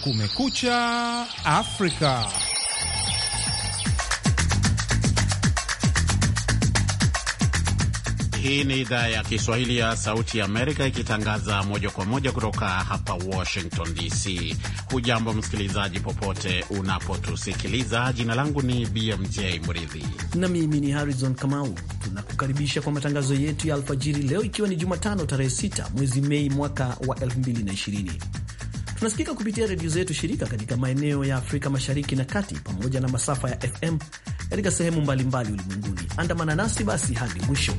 Kumekucha Afrika. Hii ni idhaa ya Kiswahili ya Sauti ya Amerika ikitangaza moja kwa moja kutoka hapa Washington DC. Hujambo msikilizaji, popote unapotusikiliza. Jina langu ni BMJ Mridhi na mimi ni Harrison Kamau. Tunakukaribisha kwa matangazo yetu ya alfajiri leo, ikiwa ni Jumatano tarehe 6 mwezi Mei mwaka wa 2020. Tunasikika kupitia redio zetu shirika katika maeneo ya Afrika Mashariki na Kati, pamoja na masafa ya FM katika sehemu mbalimbali ulimwenguni. Andamana nasi basi hadi mwisho.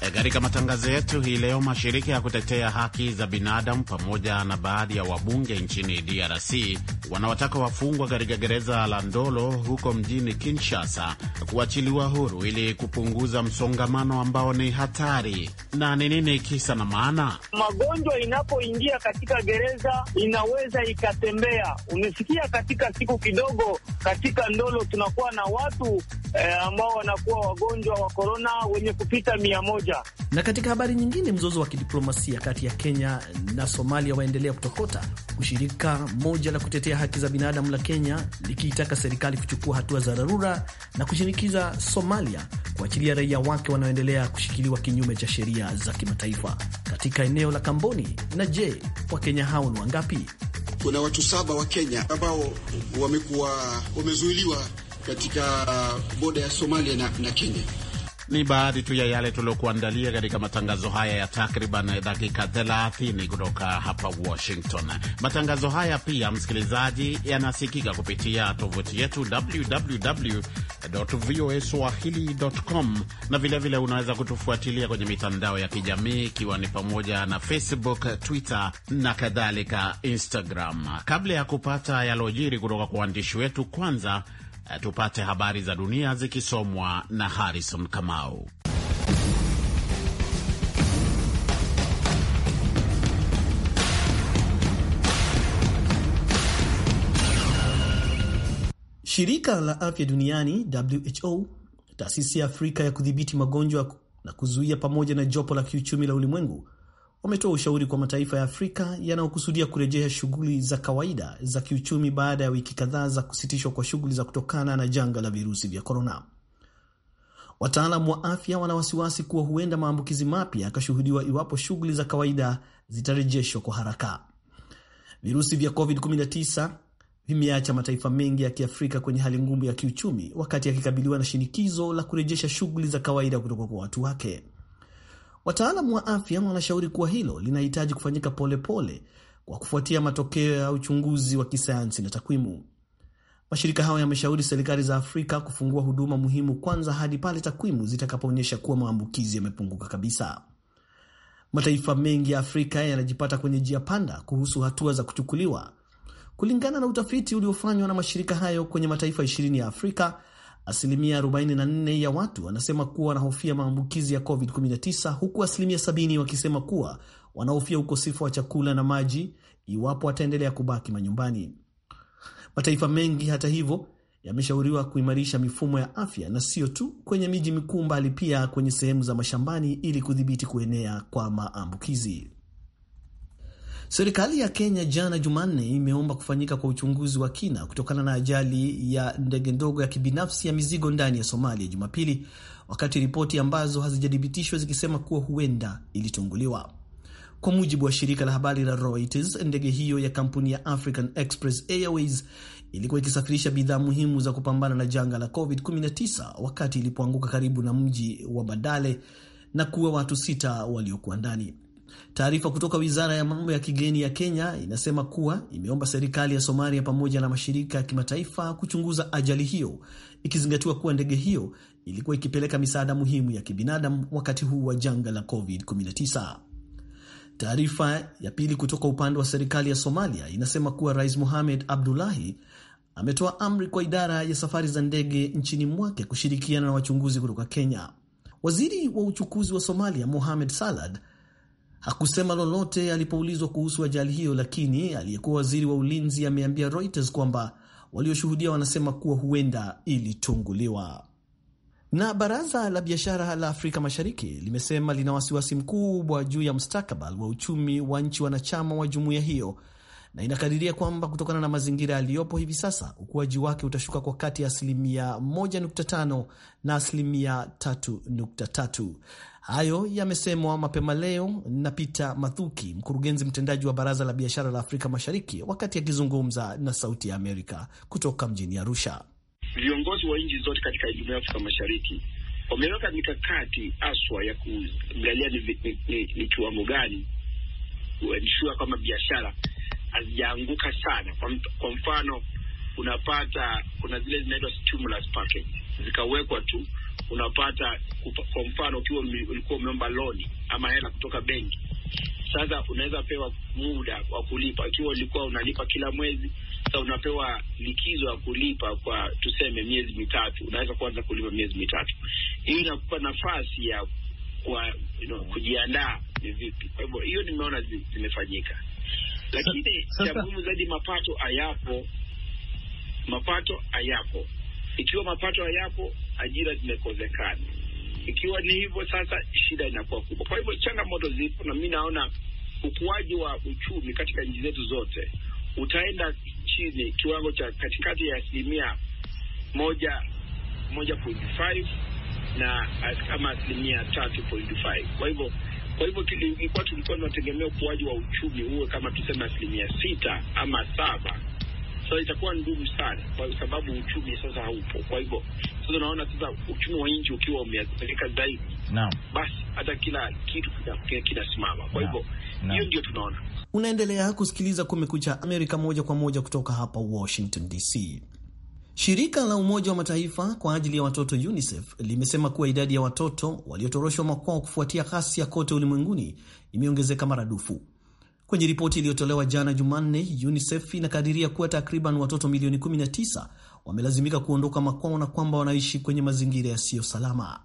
E, katika matangazo yetu hii leo, mashirika ya kutetea haki za binadamu pamoja na baadhi ya wabunge nchini DRC wanawataka wafungwa katika gereza la Ndolo huko mjini Kinshasa kuachiliwa huru ili kupunguza msongamano ambao ni hatari. Na ni nini kisa na maana? Magonjwa inapoingia katika gereza inaweza ikatembea. Umesikia, katika siku kidogo katika Ndolo tunakuwa na watu eh, ambao wanakuwa wagonjwa wa korona wenye kupita mia moja. Na katika habari nyingine, mzozo wa kidiplomasia kati ya Kenya na Somalia waendelea kutokota, ushirika moja la kutetea ya haki za binadamu la Kenya likiitaka serikali kuchukua hatua za dharura na kushinikiza Somalia kuachilia raia wake wanaoendelea kushikiliwa kinyume cha sheria za kimataifa katika eneo la Kamboni. Na je, Wakenya hao ni wangapi? Kuna watu saba wa Kenya ambao wamekuwa wamezuiliwa katika boda ya Somalia na, na Kenya ni baadhi tu ya yale tuliokuandalia katika matangazo haya ya takriban dakika 30 kutoka hapa Washington. Matangazo haya pia, msikilizaji, yanasikika kupitia tovuti yetu www voa swahili com, na vilevile vile unaweza kutufuatilia kwenye mitandao ya kijamii ikiwa ni pamoja na Facebook, Twitter na kadhalika, Instagram. Kabla ya kupata yalojiri kutoka kwa waandishi wetu, kwanza Eh, tupate habari za dunia zikisomwa na Harrison Kamau. Shirika la afya duniani WHO, taasisi ya Afrika ya kudhibiti magonjwa na kuzuia, pamoja na jopo la kiuchumi la ulimwengu wametoa ushauri kwa mataifa ya Afrika yanayokusudia kurejea shughuli za kawaida za kiuchumi baada ya wiki kadhaa za kusitishwa kwa shughuli za kutokana na janga la virusi vya korona. Wataalamu wa afya wana wasiwasi kuwa huenda maambukizi mapya yakashuhudiwa iwapo shughuli za kawaida zitarejeshwa kwa haraka. Virusi vya COVID-19 vimeacha mataifa mengi ya Kiafrika kwenye hali ngumu ya kiuchumi, wakati yakikabiliwa na shinikizo la kurejesha shughuli za kawaida kutoka kwa watu wake. Wataalamu wa afya wanashauri kuwa hilo linahitaji kufanyika polepole pole kwa kufuatia matokeo ya uchunguzi wa kisayansi na takwimu. Mashirika hayo yameshauri serikali za Afrika kufungua huduma muhimu kwanza hadi pale takwimu zitakapoonyesha kuwa maambukizi yamepunguka kabisa. Mataifa mengi ya Afrika yanajipata kwenye njia panda kuhusu hatua za kuchukuliwa. Kulingana na utafiti uliofanywa na mashirika hayo kwenye mataifa ishirini ya Afrika, Asilimia 44 ya watu wanasema kuwa wanahofia maambukizi ya COVID-19 huku asilimia 70 wakisema kuwa wanahofia ukosefu wa chakula na maji iwapo wataendelea kubaki manyumbani. Mataifa mengi hata hivyo yameshauriwa kuimarisha mifumo ya afya na sio tu kwenye miji mikuu, mbali pia kwenye sehemu za mashambani ili kudhibiti kuenea kwa maambukizi. Serikali ya Kenya jana Jumanne imeomba kufanyika kwa uchunguzi wa kina kutokana na ajali ya ndege ndogo ya kibinafsi ya mizigo ndani ya Somalia Jumapili, wakati ripoti ambazo hazijathibitishwa zikisema kuwa huenda ilitunguliwa. Kwa mujibu wa shirika la habari la Reuters, ndege hiyo ya kampuni ya African Express Airways ilikuwa ikisafirisha bidhaa muhimu za kupambana na janga la COVID-19 wakati ilipoanguka karibu na mji wa Badale na kuwa watu sita waliokuwa ndani. Taarifa kutoka wizara ya mambo ya kigeni ya Kenya inasema kuwa imeomba serikali ya Somalia pamoja na mashirika ya kimataifa kuchunguza ajali hiyo, ikizingatiwa kuwa ndege hiyo ilikuwa ikipeleka misaada muhimu ya kibinadamu wakati huu wa janga la COVID-19. Taarifa ya pili kutoka upande wa serikali ya Somalia inasema kuwa Rais Mohamed Abdullahi ametoa amri kwa idara ya safari za ndege nchini mwake kushirikiana na wachunguzi kutoka Kenya. Waziri wa uchukuzi wa Somalia Mohamed Salad hakusema lolote alipoulizwa kuhusu ajali hiyo, lakini aliyekuwa waziri wa ulinzi ameambia Reuters kwamba walioshuhudia wanasema kuwa huenda ilitunguliwa. Na baraza la biashara la Afrika Mashariki limesema lina wasiwasi mkubwa juu ya mustakabali wa uchumi wa nchi wanachama wa jumuiya hiyo na inakadiria kwamba kutokana na mazingira yaliyopo hivi sasa ukuaji wake utashuka kwa kati ya asilimia 1.5 na asilimia 3.3. Hayo yamesemwa mapema leo na Peter Mathuki, mkurugenzi mtendaji wa Baraza la Biashara la Afrika Mashariki, wakati akizungumza na Sauti ya Amerika kutoka mjini Arusha. Viongozi wa nchi zote katika Jumuiya ya Afrika Mashariki wameweka mikakati haswa ya kuangalia ni, ni, ni, ni kiwango gani kuenshua kwamba biashara hazijaanguka sana. Kwa mfano, unapata kuna zile zinaitwa stimulus package zikawekwa tu unapata kwa mfano, ukiwa ulikuwa umeomba loni ama hela kutoka benki, sasa unaweza pewa muda wa kulipa. Ikiwa ulikuwa unalipa kila mwezi, sasa unapewa likizo ya kulipa kwa tuseme miezi mitatu, unaweza kuanza kulipa miezi mitatu. Hii inakupa nafasi ya kwa, you know, kujiandaa ni vipi. Kwa hivyo hiyo nimeona zimefanyika, lakini cha muhimu zaidi mapato hayapo, mapato hayapo. Ikiwa mapato hayapo ajira zimekozekana. Ikiwa ni hivyo, sasa shida inakuwa kubwa. Kwa hivyo changamoto zipo, na mi naona ukuaji wa uchumi katika nchi zetu zote utaenda chini kiwango cha katikati ya asilimia moja moja point five na kama asilimia tatu point five. Kwa hivyo kwa hivyo tulikuwa tulikuwa tunategemea ukuaji wa uchumi huwe kama tuseme asilimia sita ama saba sasa itakuwa ngumu sana, kwa sababu uchumi sasa haupo. Kwa hivyo sasa unaona sasa uchumi wa nchi ukiwa umeathirika zaidi, naam, basi hata kila kitu kinasimama. Kwa hivyo hiyo ndio tunaona. Unaendelea kusikiliza Kumekucha Amerika, moja kwa moja kutoka hapa Washington DC. Shirika la Umoja wa Mataifa kwa ajili ya watoto UNICEF limesema kuwa idadi ya watoto waliotoroshwa makwao kufuatia ghasia kote ulimwenguni imeongezeka maradufu. Kwenye ripoti iliyotolewa jana Jumanne, UNICEF inakadiria kuwa takriban watoto milioni 19 wamelazimika kuondoka makwao na kwamba wanaishi kwenye mazingira yasiyo salama.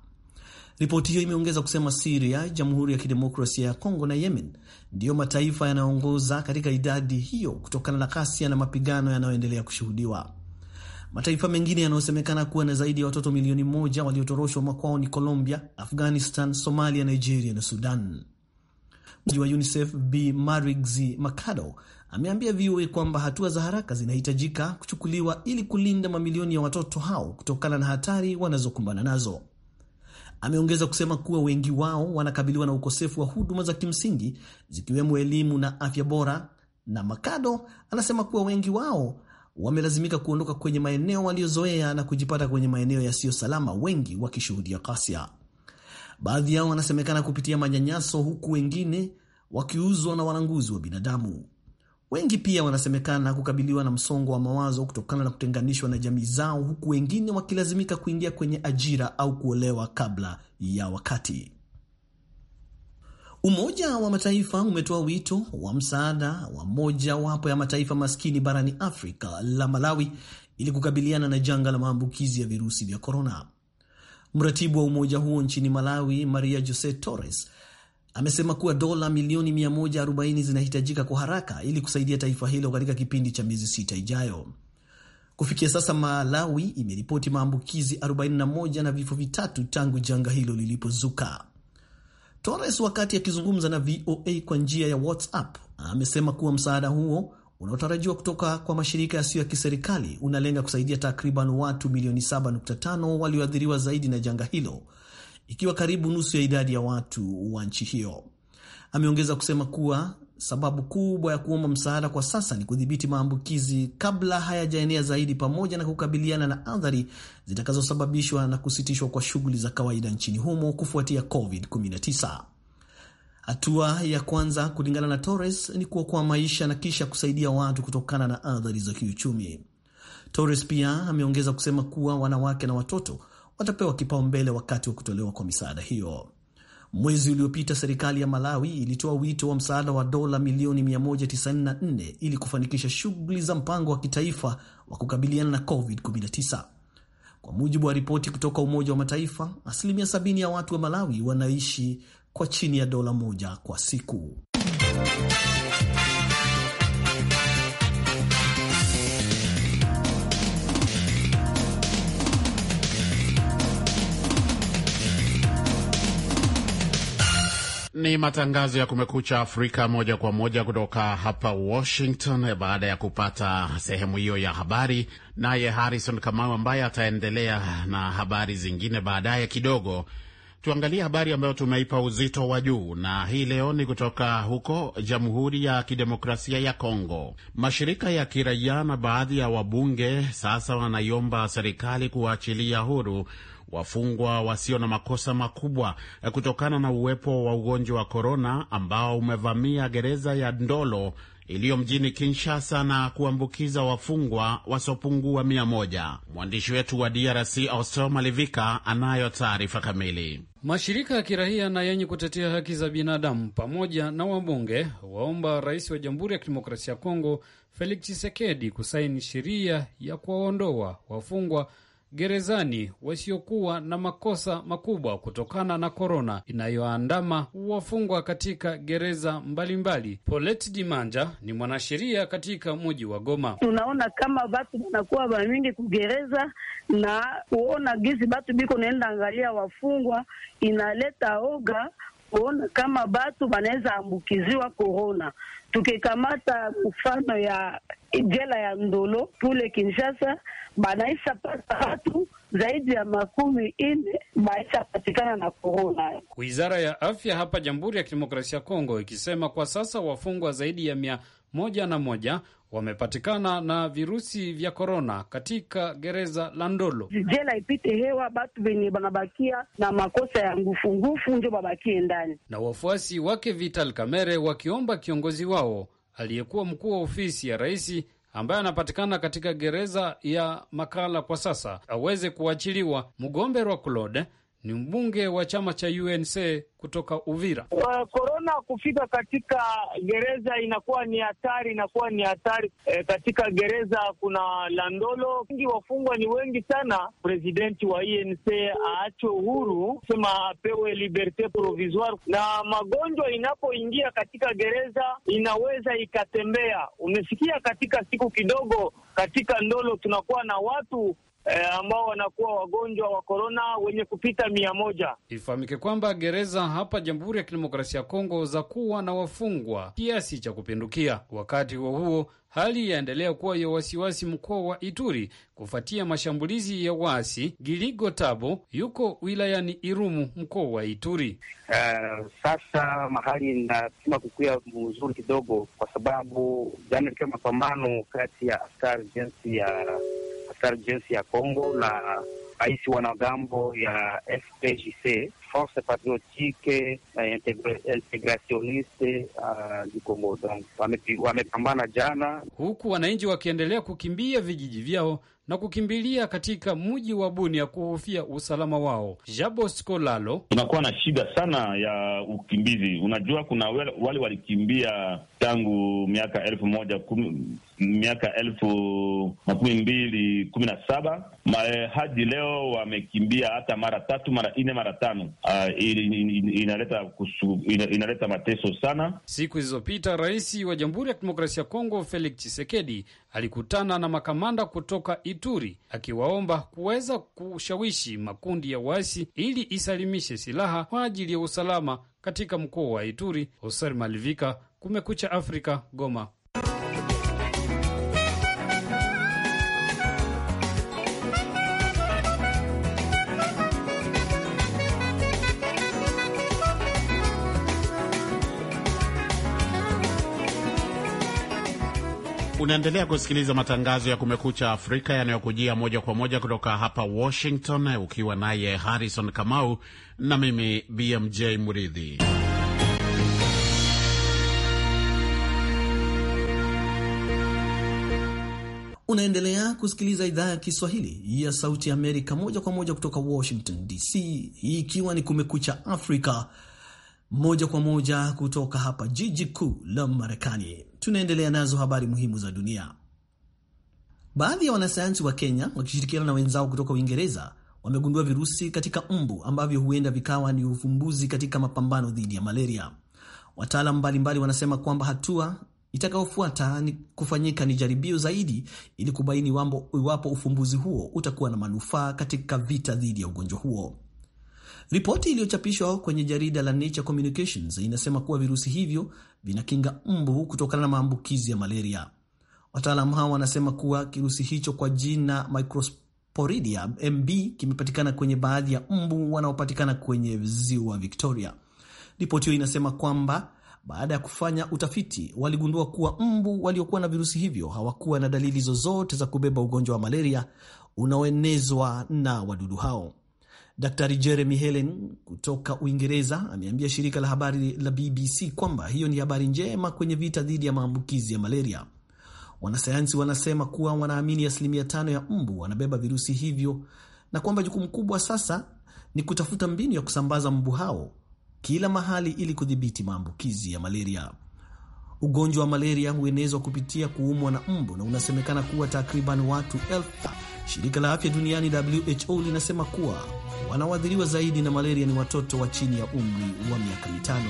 Ripoti hiyo imeongeza kusema Siria, Jamhuri ya Kidemokrasia ya Kongo na Yemen ndiyo mataifa yanayoongoza katika idadi hiyo kutokana na ghasia na mapigano yanayoendelea kushuhudiwa. Mataifa mengine yanayosemekana kuwa na zaidi ya watoto milioni moja waliotoroshwa makwao ni Colombia, Afghanistan, Somalia, Nigeria na Sudan wa UNICEF B Marigzi Makado ameambia VOA kwamba hatua za haraka zinahitajika kuchukuliwa ili kulinda mamilioni ya watoto hao kutokana na hatari wanazokumbana nazo. Ameongeza kusema kuwa wengi wao wanakabiliwa na ukosefu wa huduma za kimsingi zikiwemo elimu na afya bora, na Makado anasema kuwa wengi wao wamelazimika kuondoka kwenye maeneo waliozoea na kujipata kwenye maeneo yasiyo salama, wengi wakishuhudia ghasia. Baadhi yao wanasemekana kupitia manyanyaso, huku wengine wakiuzwa na walanguzi wa binadamu. Wengi pia wanasemekana kukabiliwa na msongo wa mawazo kutokana na kutenganishwa na jamii zao, huku wengine wakilazimika kuingia kwenye ajira au kuolewa kabla ya wakati. Umoja wa Mataifa umetoa wito wa msaada wa mojawapo ya mataifa maskini barani Afrika la Malawi ili kukabiliana na janga la maambukizi ya virusi vya korona. Mratibu wa umoja huo nchini Malawi, Maria Jose Torres, amesema kuwa dola milioni 140 zinahitajika kwa haraka ili kusaidia taifa hilo katika kipindi cha miezi sita ijayo. Kufikia sasa, Malawi imeripoti maambukizi 41 na vifo vitatu tangu janga hilo lilipozuka. Torres, wakati akizungumza na VOA kwa njia ya WhatsApp, amesema kuwa msaada huo unaotarajiwa kutoka kwa mashirika yasiyo ya kiserikali unalenga kusaidia takriban watu milioni 7.5 walioathiriwa zaidi na janga hilo, ikiwa karibu nusu ya idadi ya watu wa nchi hiyo. Ameongeza kusema kuwa sababu kubwa ya kuomba msaada kwa sasa ni kudhibiti maambukizi kabla hayajaenea zaidi, pamoja na kukabiliana na athari zitakazosababishwa na kusitishwa kwa shughuli za kawaida nchini humo kufuatia COVID-19. Hatua ya kwanza kulingana na Torres ni kuokoa maisha na kisha kusaidia watu kutokana na athari za kiuchumi. Torres pia ameongeza kusema kuwa wanawake na watoto watapewa kipaumbele wakati wa kutolewa kwa misaada hiyo. Mwezi uliopita serikali ya Malawi ilitoa wito wa msaada wa dola milioni 194 ili kufanikisha shughuli za mpango wa kitaifa wa kukabiliana na COVID-19. Kwa mujibu wa ripoti kutoka Umoja wa Mataifa, asilimia 70 ya watu wa Malawi wanaishi kwa chini ya dola moja kwa siku. Ni matangazo ya Kumekucha Afrika moja kwa moja kutoka hapa Washington. Baada ya kupata sehemu hiyo ya habari, naye Harrison Kamau ambaye ataendelea na habari zingine baadaye kidogo. Tuangalie habari ambayo tumeipa uzito wa juu na hii leo ni kutoka huko Jamhuri ya Kidemokrasia ya Kongo. Mashirika ya kiraia na baadhi ya wabunge sasa wanaiomba serikali kuwaachilia huru wafungwa wasio na makosa makubwa kutokana na uwepo wa ugonjwa wa korona ambao umevamia gereza ya Ndolo iliyo mjini Kinshasa na kuambukiza wafungwa wasiopungua wa mia moja. Mwandishi wetu wa DRC Austel Malivika anayo taarifa kamili. Mashirika ya kiraia na yenye kutetea haki za binadamu pamoja na wabunge waomba rais wa Jamhuri ya Kidemokrasia ya Kongo Felix Tshisekedi kusaini sheria ya kuwaondoa wafungwa gerezani wasiokuwa na makosa makubwa kutokana na korona inayoandama wafungwa katika gereza mbalimbali. Polet Dimanja ni mwanasheria katika muji wa Goma. Tunaona kama vatu wanakuwa vamingi kugereza na kuona gizi batu biko naenda angalia wafungwa inaleta oga kuona kama batu banaweza ambukiziwa korona. Tukikamata mfano ya jela ya Ndolo kule Kinshasa, banaisha pata watu zaidi ya makumi ine maisha patikana na korona. Wizara ya afya hapa Jamhuri ya Kidemokrasia ya Kongo ikisema kwa sasa wafungwa zaidi ya mia moja na moja wamepatikana na virusi vya korona katika gereza la Ndolo. Jela ipite hewa batu venye banabakia na makosa ya ngufungufu njo babakie ndani. Na wafuasi wake Vital Kamere wakiomba kiongozi wao aliyekuwa mkuu wa ofisi ya raisi ambaye anapatikana katika gereza ya Makala kwa sasa aweze kuachiliwa. Mgombe Rwa Claude ni mbunge wa chama cha UNC kutoka Uvira. Korona kufika katika gereza inakuwa ni hatari, inakuwa ni hatari e. Katika gereza kuna landolo wengi, wafungwa ni wengi sana. Presidenti wa UNC aachwe uhuru, sema apewe liberte provisoire. Na magonjwa inapoingia katika gereza inaweza ikatembea, umesikia, katika siku kidogo katika ndolo tunakuwa na watu eh, ambao wanakuwa wagonjwa wa korona wenye kupita mia moja. Ifahamike kwamba gereza hapa Jamhuri ya Kidemokrasia ya Kongo za kuwa na wafungwa kiasi cha kupindukia. Wakati huo huo, hali yaendelea kuwa ya wasiwasi mkoa wa Ituri kufuatia mashambulizi ya waasi. Giligo Tabo yuko wilayani Irumu, mkoa wa Ituri. Uh, sasa mahali inasema kukuya mzuri kidogo, kwa sababu jana ilikuwa mapambano kati ya askari jinsi ya Insurgency ya Kongo na rais wanagambo ya FPJC Force Patriotique na Integrationiste uh, du Congo. Donc wamepambana wame jana, huku wananchi wakiendelea kukimbia vijiji vyao na kukimbilia katika mji wa Bunia kuhofia usalama wao. Jabo Skolalo: tunakuwa na shida sana ya ukimbizi. Unajua, kuna wale walikimbia tangu miaka elfu moja kumi miaka elfu makumi mbili kumi na saba hadi leo wamekimbia hata mara tatu mara nne mara tano. Uh, inaleta kusu, inaleta mateso sana. Siku zilizopita rais wa Jamhuri ya Kidemokrasia ya Kongo Felix Tshisekedi alikutana na makamanda kutoka Ituri akiwaomba kuweza kushawishi makundi ya waasi ili isalimishe silaha kwa ajili ya usalama katika mkoa wa Ituri. Hoser Malivika, Kumekucha Afrika, Goma. Unaendelea kusikiliza matangazo ya Kumekucha Afrika yanayokujia moja kwa moja kutoka hapa Washington, ukiwa naye Harrison Kamau na mimi BMJ Muridhi. Unaendelea kusikiliza idhaa ya Kiswahili ya Sauti ya Amerika moja kwa moja kutoka Washington DC, hii ikiwa ni Kumekucha Afrika moja kwa moja kutoka hapa jiji kuu la Marekani. Tunaendelea nazo habari muhimu za dunia. Baadhi ya wanasayansi wa Kenya wakishirikiana na wenzao kutoka Uingereza wamegundua virusi katika mbu ambavyo huenda vikawa ni ufumbuzi katika mapambano dhidi ya malaria. Wataalam mbalimbali wanasema kwamba hatua itakayofuata ni kufanyika ni jaribio zaidi ili kubaini iwapo ufumbuzi huo utakuwa na manufaa katika vita dhidi ya ugonjwa huo. Ripoti iliyochapishwa kwenye jarida la Nature Communications inasema kuwa virusi hivyo vinakinga mbu kutokana na maambukizi ya malaria. Wataalamu hao wanasema kuwa kirusi hicho kwa jina Microsporidia MB kimepatikana kwenye baadhi ya mbu wanaopatikana kwenye ziwa Victoria. Ripoti hiyo inasema kwamba baada ya kufanya utafiti waligundua kuwa mbu waliokuwa na virusi hivyo hawakuwa na dalili zozote za kubeba ugonjwa wa malaria unaoenezwa na wadudu hao. Daktari Jeremy Helen kutoka Uingereza ameambia shirika la habari la BBC kwamba hiyo ni habari njema kwenye vita dhidi ya maambukizi ya malaria. Wanasayansi wanasema kuwa wanaamini asilimia tano ya mbu wanabeba virusi hivyo na kwamba jukumu kubwa sasa ni kutafuta mbinu ya kusambaza mbu hao kila mahali ili kudhibiti maambukizi ya malaria. Ugonjwa wa malaria huenezwa kupitia kuumwa na mbu na unasemekana kuwa takriban watu elfu Shirika la afya duniani WHO linasema kuwa wanaoathiriwa zaidi na malaria ni watoto wa chini ya umri wa miaka mitano.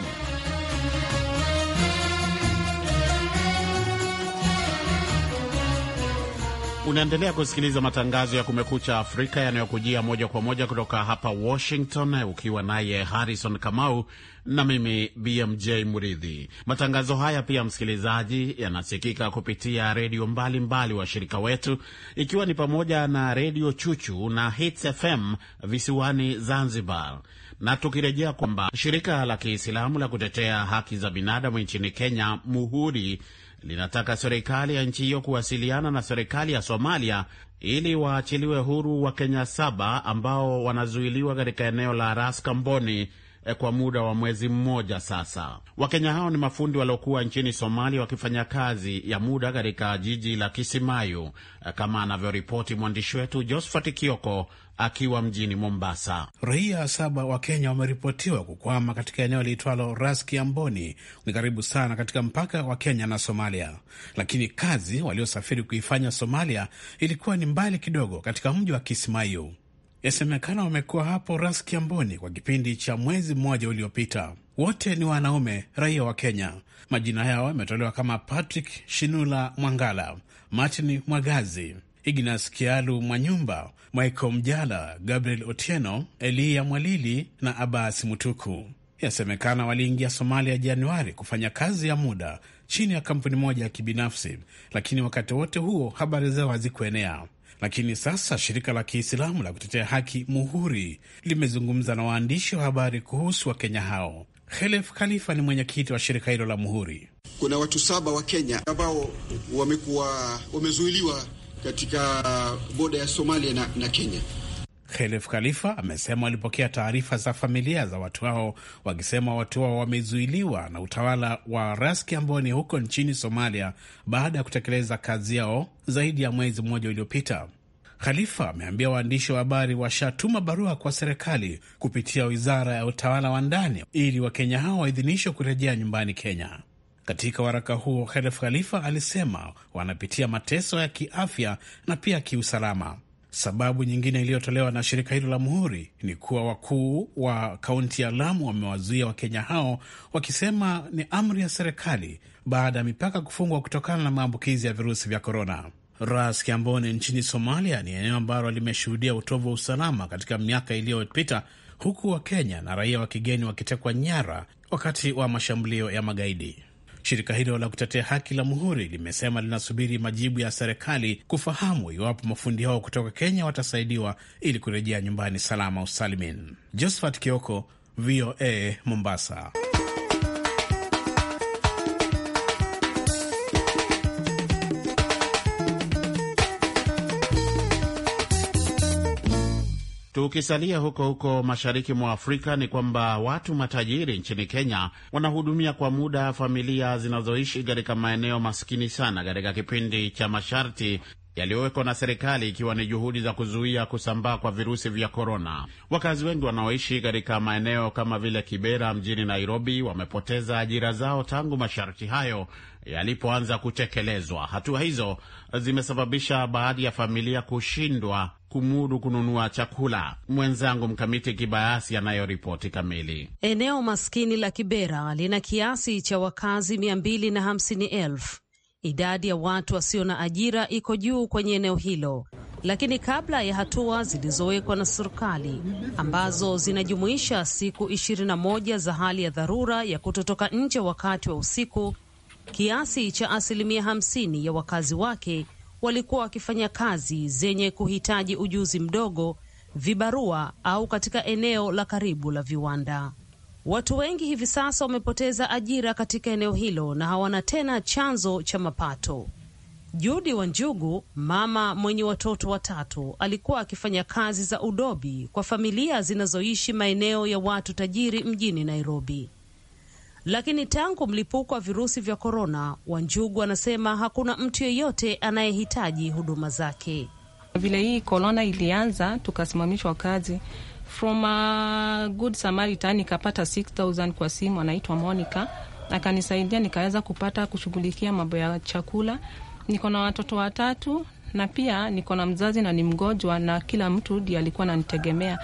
Unaendelea kusikiliza matangazo ya Kumekucha Afrika yanayokujia moja kwa moja kutoka hapa Washington, ukiwa naye Harrison Kamau na mimi BMJ Muridhi. Matangazo haya pia, msikilizaji, yanasikika kupitia redio mbalimbali washirika wetu, ikiwa ni pamoja na Redio Chuchu na Hits FM visiwani Zanzibar, na tukirejea kwamba shirika la Kiislamu la kutetea haki za binadamu nchini Kenya, Muhuri linataka serikali ya nchi hiyo kuwasiliana na serikali ya Somalia ili waachiliwe huru Wakenya saba ambao wanazuiliwa katika eneo la Ras Kamboni Eh, kwa muda wa mwezi mmoja sasa. Wakenya hao ni mafundi waliokuwa nchini Somalia wakifanya kazi ya muda katika jiji la Kisimayu, eh, kama anavyoripoti mwandishi wetu Josphat Kioko akiwa mjini Mombasa. Raia saba wa Kenya wameripotiwa kukwama katika eneo liitwalo Ras Kiamboni, ni karibu sana katika mpaka wa Kenya na Somalia, lakini kazi waliosafiri kuifanya Somalia ilikuwa ni mbali kidogo, katika mji wa Kismayu. Yasemekana wamekuwa hapo Ras Kiamboni kwa kipindi cha mwezi mmoja uliopita. Wote ni wanaume raia wa Kenya. Majina yao yametolewa kama Patrick Shinula Mwangala, Martin Mwagazi, Ignas Kialu Mwanyumba, Michael Mjala, Gabriel Otieno, Eliya Mwalili na abas Mutuku. Yasemekana waliingia Somalia Januari kufanya kazi ya muda chini ya kampuni moja ya kibinafsi, lakini wakati wote huo habari zao hazikuenea. Lakini sasa shirika la Kiislamu la kutetea haki Muhuri limezungumza na waandishi wa habari kuhusu Wakenya hao. Khelef Khalifa ni mwenyekiti wa shirika hilo la Muhuri. Kuna watu saba wa Kenya ambao wamekuwa wamezuiliwa katika boda ya Somalia na, na Kenya Khelef Khalifa amesema walipokea taarifa za familia za watu hao wakisema watu hao wamezuiliwa na utawala wa Raski ambao ni huko nchini Somalia baada ya kutekeleza kazi yao zaidi ya mwezi mmoja uliopita. Khalifa ameambia waandishi wa habari washatuma barua kwa serikali kupitia wizara ya utawala wa ndani ili Wakenya hao waidhinishwe kurejea nyumbani Kenya. Katika waraka huo, Khelef Khalifa alisema wanapitia mateso ya kiafya na pia kiusalama. Sababu nyingine iliyotolewa na shirika hilo la Muhuri ni kuwa wakuu wa kaunti ya Lamu wamewazuia Wakenya hao wakisema ni amri ya serikali baada ya mipaka kufungwa kutokana na maambukizi ya virusi vya korona. Ras Kiamboni nchini Somalia ni eneo ambalo limeshuhudia utovu wa usalama katika miaka iliyopita huku Wakenya na raia wa kigeni wakitekwa nyara wakati wa mashambulio ya magaidi. Shirika hilo la kutetea haki la Muhuri limesema linasubiri majibu ya serikali kufahamu iwapo mafundi hao kutoka Kenya watasaidiwa ili kurejea nyumbani salama usalimin. Josephat Kioko, VOA, Mombasa. Tukisalia huko huko mashariki mwa Afrika ni kwamba watu matajiri nchini Kenya wanahudumia kwa muda familia zinazoishi katika maeneo maskini sana katika kipindi cha masharti yaliyowekwa na serikali ikiwa ni juhudi za kuzuia kusambaa kwa virusi vya korona. Wakazi wengi wanaoishi katika maeneo kama vile Kibera mjini Nairobi wamepoteza ajira zao tangu masharti hayo yalipoanza kutekelezwa. Hatua hizo zimesababisha baadhi ya familia kushindwa kumudu kununua chakula. Mwenzangu Mkamiti Kibayasi anayoripoti kamili. Eneo maskini la Kibera lina kiasi cha wakazi mia mbili na hamsini elfu. Idadi ya watu wasio na ajira iko juu kwenye eneo hilo, lakini kabla ya hatua zilizowekwa na serikali ambazo zinajumuisha siku 21 za hali ya dharura ya kutotoka nje wakati wa usiku Kiasi cha asilimia hamsini ya wakazi wake walikuwa wakifanya kazi zenye kuhitaji ujuzi mdogo, vibarua au katika eneo la karibu la viwanda. Watu wengi hivi sasa wamepoteza ajira katika eneo hilo na hawana tena chanzo cha mapato. Judi Wanjugu, mama mwenye watoto watatu, alikuwa akifanya kazi za udobi kwa familia zinazoishi maeneo ya watu tajiri mjini Nairobi. Lakini tangu mlipuko wa virusi vya korona, Wanjugu anasema hakuna mtu yeyote anayehitaji huduma zake. Vile hii korona ilianza, tukasimamishwa kazi from a good Samaritan nikapata 6000 kwa simu, anaitwa Monica akanisaidia, nikaweza kupata kushughulikia mambo ya chakula. Niko na watoto watatu na pia niko na mzazi na ni mgonjwa, na kila mtu ndiye alikuwa ananitegemea.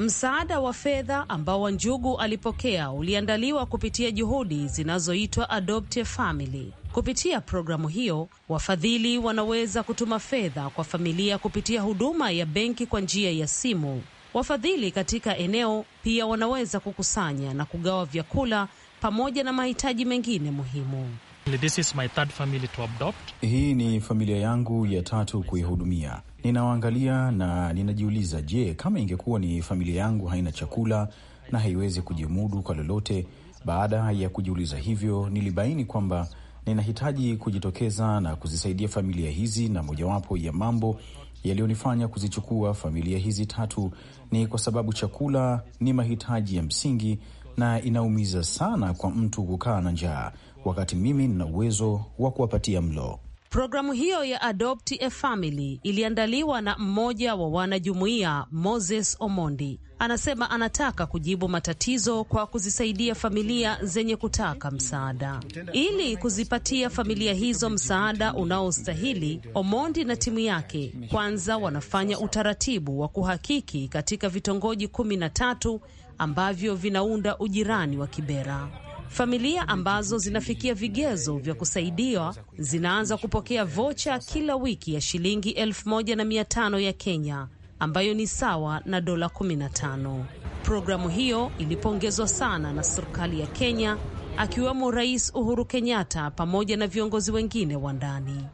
Msaada wa fedha ambao Wanjugu alipokea uliandaliwa kupitia juhudi zinazoitwa Adopt a Family. Kupitia programu hiyo, wafadhili wanaweza kutuma fedha kwa familia kupitia huduma ya benki kwa njia ya simu. Wafadhili katika eneo pia wanaweza kukusanya na kugawa vyakula pamoja na mahitaji mengine muhimu. This is my third family to adopt. Hii ni familia yangu ya tatu kuihudumia ninawaangalia na ninajiuliza, je, kama ingekuwa ni familia yangu haina chakula na haiwezi kujimudu kwa lolote. Baada ya kujiuliza hivyo, nilibaini kwamba ninahitaji kujitokeza na kuzisaidia familia hizi, na mojawapo ya mambo yaliyonifanya kuzichukua familia hizi tatu ni kwa sababu chakula ni mahitaji ya msingi na inaumiza sana kwa mtu kukaa na njaa wakati mimi nina uwezo wa kuwapatia mlo. Programu hiyo ya Adopt a Family iliandaliwa na mmoja wa wanajumuiya Moses Omondi. Anasema anataka kujibu matatizo kwa kuzisaidia familia zenye kutaka msaada. Ili kuzipatia familia hizo msaada unaostahili, Omondi na timu yake kwanza wanafanya utaratibu wa kuhakiki katika vitongoji kumi na tatu ambavyo vinaunda ujirani wa Kibera. Familia ambazo zinafikia vigezo vya kusaidiwa zinaanza kupokea vocha kila wiki ya shilingi elfu moja na mia tano ya Kenya ambayo ni sawa na dola 15. Programu hiyo ilipongezwa sana na serikali ya Kenya, akiwemo Rais Uhuru Kenyatta pamoja na viongozi wengine wa ndani.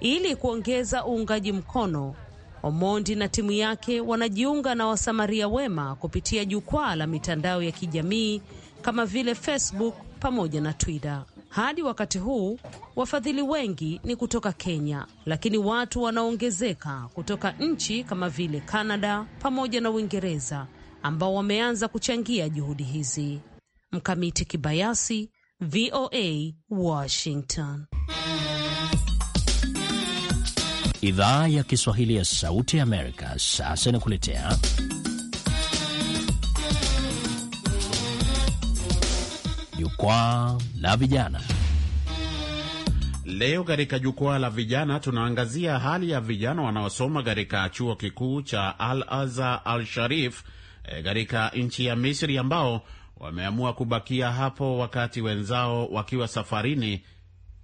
Ili kuongeza uungaji mkono, Omondi na timu yake wanajiunga na wasamaria wema kupitia jukwaa la mitandao ya kijamii kama vile Facebook pamoja na Twitter. Hadi wakati huu wafadhili wengi ni kutoka Kenya, lakini watu wanaongezeka kutoka nchi kama vile canada pamoja na Uingereza ambao wameanza kuchangia juhudi hizi. Mkamiti Kibayasi, VOA, Washington. Idhaa ya Kiswahili ya Sauti ya Amerika sasa inakuletea Jukwaa la Vijana. Leo katika jukwaa la vijana tunaangazia hali ya vijana wanaosoma katika chuo kikuu cha Al Azhar Al Sharif e, katika e, nchi ya Misri ambao wameamua kubakia hapo wakati wenzao wakiwa safarini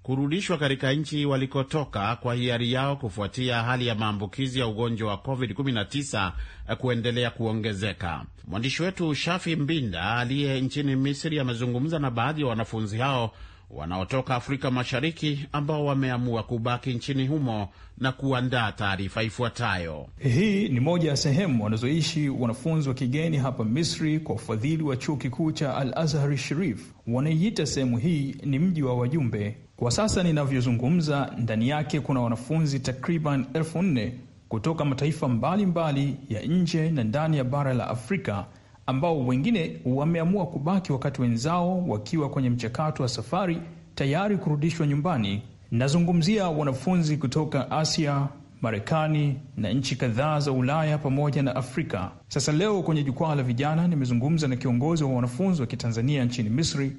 kurudishwa katika nchi walikotoka kwa hiari yao kufuatia hali ya maambukizi ya ugonjwa wa COVID-19 kuendelea kuongezeka. Mwandishi wetu Shafi Mbinda aliye nchini Misri amezungumza na baadhi ya wanafunzi hao wanaotoka Afrika Mashariki ambao wameamua kubaki nchini humo na kuandaa taarifa ifuatayo. Hii ni moja ya sehemu wanazoishi wanafunzi wa kigeni hapa Misri kwa ufadhili wa chuo kikuu cha Al Azhari Sharif. Wanaiita sehemu hii ni mji wa wajumbe, kwa sasa ninavyozungumza, ndani yake kuna wanafunzi takriban elfu nne kutoka mataifa mbalimbali mbali ya nje na ndani ya bara la Afrika ambao wengine wameamua kubaki wakati wenzao wakiwa kwenye mchakato wa safari tayari kurudishwa nyumbani. Nazungumzia wanafunzi kutoka Asia, Marekani na nchi kadhaa za Ulaya pamoja na Afrika. Sasa leo kwenye jukwaa la vijana nimezungumza na kiongozi wa wanafunzi wa Kitanzania nchini Misri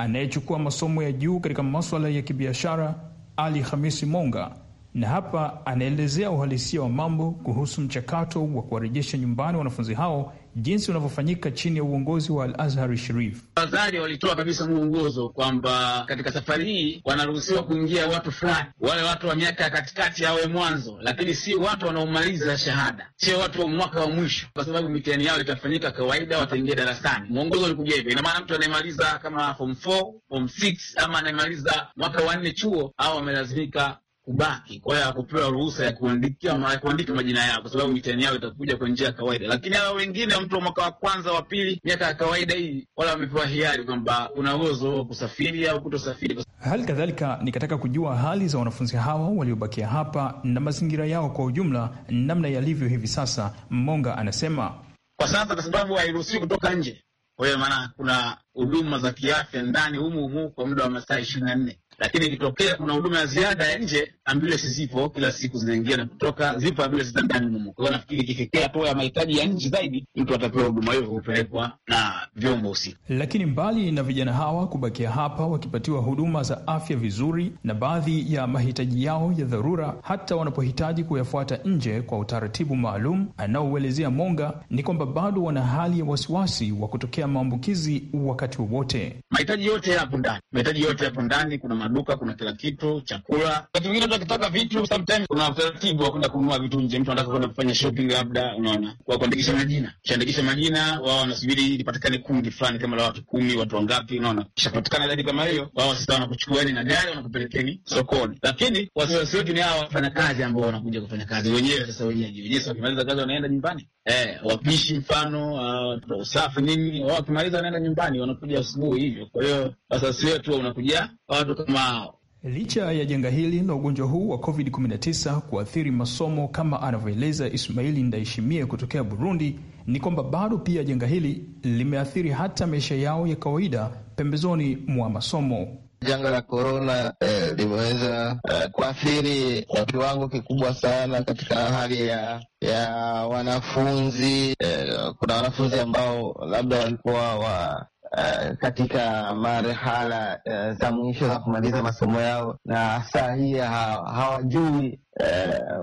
anayechukua masomo ya juu katika maswala ya kibiashara, Ali Hamisi Monga na hapa anaelezea uhalisia wa mambo kuhusu mchakato wa kuwarejesha nyumbani wanafunzi hao jinsi unavyofanyika chini ya uongozi wa Al-Azhar Sharif. Wazari walitoa kabisa mwongozo kwamba katika safari hii wanaruhusiwa kuingia watu fulani, wale watu wa miaka ya katikati awe mwanzo, lakini sio watu wanaomaliza shahada, sio watu wa mwaka wa mwisho, kwa sababu mitihani yao itafanyika kawaida, wataingia darasani. Mwongozo ulikuja hivyo. Ina maana mtu anayemaliza kama form 4, form 6 ama anayemaliza mwaka wa nne chuo au amelazimika kubaki. Kwa hiyo hakupewa ruhusa ya kuandikia kuandika majina yao, kwa sababu mitihani yao itakuja kwa njia ya kawaida. Lakini hawa wengine, mtu wa mwaka wa kwanza, wa pili, miaka ya kawaida hii, wala wamepewa hiari kwamba una uwezo wa kusafiri au kutosafiri. Hali kadhalika nikataka kujua hali za wanafunzi hawa waliobakia hapa na mazingira yao kwa ujumla, namna yalivyo hivi sasa. Mmonga anasema kwa sasa, kwa sababu hairuhusiwi kutoka nje, kwa hiyo maana kuna huduma za kiafya ndani humu humu kwa muda wa masaa ishirini na nne lakini ikitokea kuna huduma ya ziada ya nje, ambulensi zipo kila siku zinaingia na kutoka, zipo ambulensi za ndani humo. Kwa hiyo nafikiri ikifikia hapo ya mahitaji ya nje zaidi, mtu atapewa huduma hiyo kupelekwa na vyombo husika. Lakini mbali na vijana hawa kubakia hapa wakipatiwa huduma za afya vizuri na baadhi ya mahitaji yao ya dharura, hata wanapohitaji kuyafuata nje kwa utaratibu maalum anaouelezea Monga, ni kwamba bado wana hali ya wasiwasi wa kutokea maambukizi wakati wowote. Mahitaji yote yapo ndani, mahitaji yote yapo ndani, kuna duka, kuna kila kitu, chakula, wakati mwingine mtu akitaka vitu, sometimes kuna utaratibu wa kwenda kununua vitu nje. Mtu anataka kwenda kufanya shopping, labda unaona, kwa kuandikisha majina, kishaandikisha majina, wao wanasubiri lipatikane kundi fulani, kama la watu kumi, watu wangapi, unaona, kishapatikana idadi kama hiyo, wao sasa wanakuchukuani na gari, wanakupelekeni sokoni. Lakini wasiwasi wetu ni hawa wafanya kazi ambao wanakuja kufanya kazi wenyewe. Sasa wenyewe wenyewe wakimaliza kazi wanaenda nyumbani eh, wapishi mfano uh, usafi nini, wakimaliza wanaenda nyumbani, wanakuja asubuhi hivyo. Kwa hiyo sasa sio tu unakuja watu kama hao. Licha ya janga hili na ugonjwa huu wa COVID-19 kuathiri masomo kama anavyoeleza Ismaili Ndaishimie kutokea Burundi, ni kwamba bado pia janga hili limeathiri hata maisha yao ya kawaida pembezoni mwa masomo. Janga la korona eh, limeweza eh, kuathiri kwa kiwango kikubwa sana katika hali ya ya wanafunzi eh, kuna wanafunzi ambao labda walikuwa wa Eh, katika marehala uh, eh, za mwisho za kumaliza masomo yao, na saa hii hawajui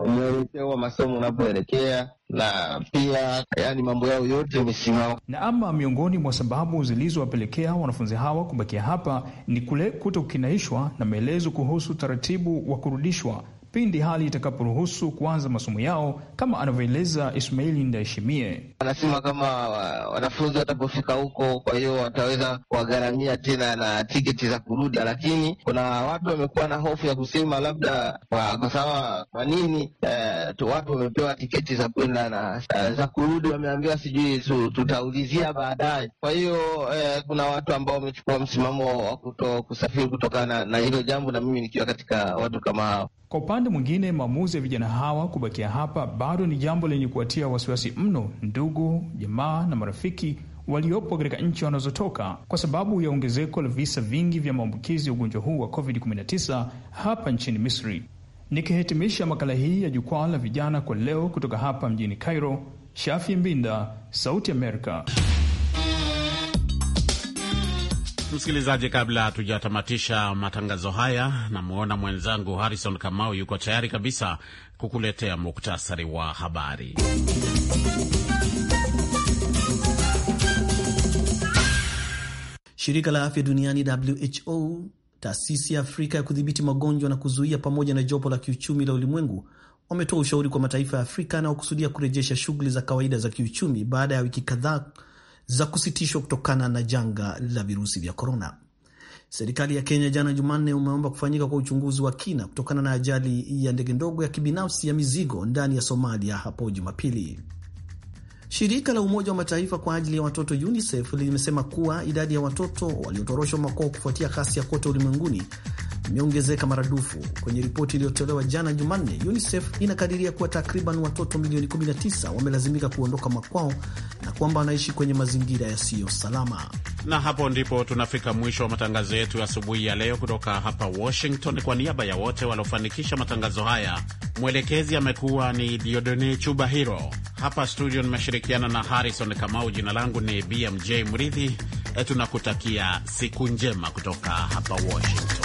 uh, mwelekeo wa masomo unapoelekea na pia yani mambo yao yote yamesimama. Na ama miongoni mwa sababu zilizowapelekea wanafunzi hawa kubakia hapa ni kule kukinaishwa na maelezo kuhusu taratibu wa kurudishwa pindi hali itakaporuhusu kuanza masomo yao, kama anavyoeleza Ismaili Ndaheshimie. Anasema kama wanafunzi watapofika huko, kwa hiyo wataweza kuwagharamia tena na tiketi za kurudi, lakini kuna watu wamekuwa na hofu ya kusema labda kwa sawa, kwa nini eh, watu wamepewa tiketi za kwenda na eh, za kurudi, wameambiwa sijui tutaulizia baadaye. Kwa hiyo eh, kuna watu ambao wamechukua msimamo wa kuto kusafiri kutokana na hilo jambo, na mimi nikiwa katika watu kama hao. Kwa upande mwingine, maamuzi ya vijana hawa kubakia hapa bado ni jambo lenye kuwatia wasiwasi mno ndugu, jamaa na marafiki waliopo katika nchi wanazotoka kwa sababu ya ongezeko la visa vingi vya maambukizi ya ugonjwa huu wa COVID-19 hapa nchini Misri. Nikihitimisha makala hii ya jukwaa la vijana kwa leo kutoka hapa mjini Cairo, Shafi Mbinda, Sauti Amerika. Msikilizaji, kabla hatujatamatisha matangazo haya, namwona mwenzangu Harrison Kamau yuko tayari kabisa kukuletea muktasari wa habari. Shirika la afya duniani WHO, taasisi ya Afrika ya kudhibiti magonjwa na kuzuia, pamoja na jopo la kiuchumi la ulimwengu wametoa ushauri kwa mataifa ya Afrika na kukusudia kurejesha shughuli za kawaida za kiuchumi baada ya wiki kadhaa za kusitishwa kutokana na janga la virusi vya korona. Serikali ya Kenya jana Jumanne umeomba kufanyika kwa uchunguzi wa kina kutokana na ajali ya ndege ndogo ya kibinafsi ya mizigo ndani ya Somalia hapo Jumapili. Shirika la Umoja wa Mataifa kwa ajili ya watoto UNICEF limesema kuwa idadi ya watoto waliotoroshwa makwao kufuatia kasi ya kote ulimwenguni imeongezeka maradufu. Kwenye ripoti iliyotolewa jana Jumanne, UNICEF inakadiria kuwa takriban watoto milioni 19 wamelazimika kuondoka makwao na kwamba wanaishi kwenye mazingira yasiyo salama. Na hapo ndipo tunafika mwisho wa matangazo yetu asubuhi ya, leo kutoka hapa Washington. Kwa niaba ya wote waliofanikisha matangazo haya, mwelekezi amekuwa ni Diodone Chubahiro. Hapa studio nimeshirikiana na Harrison Kamau. Jina langu ni BMJ Mridhi. E, tunakutakia siku njema kutoka hapa Washington.